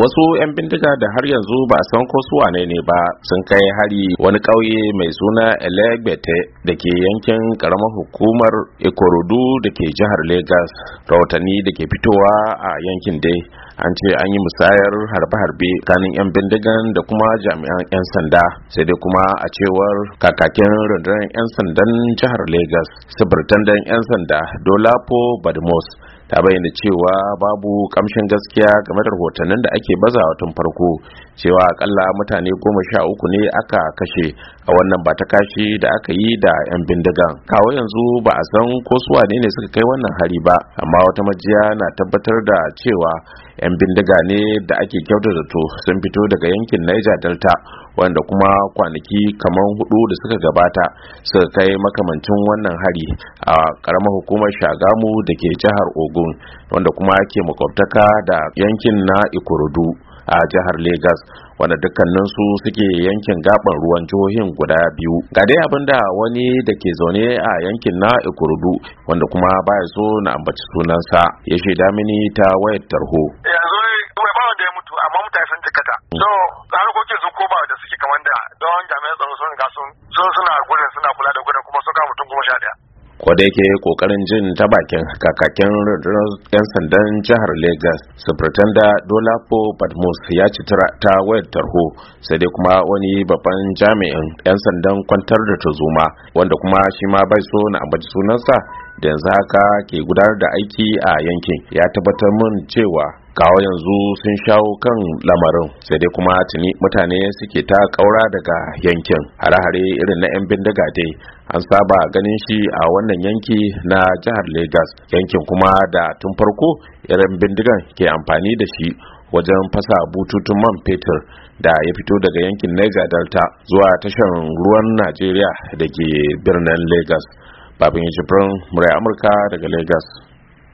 wasu 'yan bindiga da har yanzu ba a san ko su wane ne ba sun kai hari wani ƙauye mai suna elegbete da ke yankin karamar hukumar ikorodu da ke jihar lagos rahotanni da ke fitowa a yankin dai an ce an yi musayar harbe-harbe kanin 'yan bindigan da kuma jami'an 'yan sanda sai dai kuma a cewar kakakin rundunar 'yan sandan jihar lagos sibirtandan 'yan sanda dolapo badmos ta bayyana cewa babu kamshin gaskiya game da rahotannin da ake bazawa tun farko cewa akalla mutane goma sha uku ne aka kashe a wannan ba ta kashi da aka yi da 'yan bindigan kawo yanzu ba a san ko su wane ne suka kai wannan hari ba amma wata majiya na tabbatar da cewa 'yan bindiga ne da ake kyautar da to sun fito daga yankin niger delta wanda kuma kwanaki kamar hudu da suka gabata suka kai makamancin wannan hari a karamar hukumar shagamu da ke jihar ogun wanda kuma ke makwabtaka da yankin na ikorodu a jihar Legas wanda dukkanin su suke yankin gaban ruwan jihohin guda biyu ga dai abin da wani da ke zaune a yankin na Ikurudu wanda kuma baya so na ambaci sunansa ya shaida mini ta wayar tarho yanzu mai da ya mutu amma mutane sun jikata mm. so da suke kamar da don jami'an tsaro sun ga sun suna gurin suna kula da gurin kuma sun kama mutum goma sha daya ko da yake kokarin jin ta bakin kakakin yan sandan jihar legas Superintendent Dolapo Badmus ya ci ta wayar tarho sai dai kuma wani babban jami'in yan sandan kwantar da tuzuma wanda kuma shi ma bai so na ambaci sunansa da yanzu haka ke gudanar da aiki a yankin ya tabbatar min cewa kawo yanzu sun shawo kan lamarin sai dai kuma tuni mutane suke ta kaura daga yankin hare-hare irin na 'yan bindiga dai an saba ganin shi a wannan yanki na jihar lagos yankin kuma da tun farko irin bindigan ke amfani da shi wajen fasa bututun man fetur da ya fito daga yankin Niger Delta zuwa tashar ruwan nigeria da ke birnin lagos Babin Jibrin Murai Amurka daga lagos.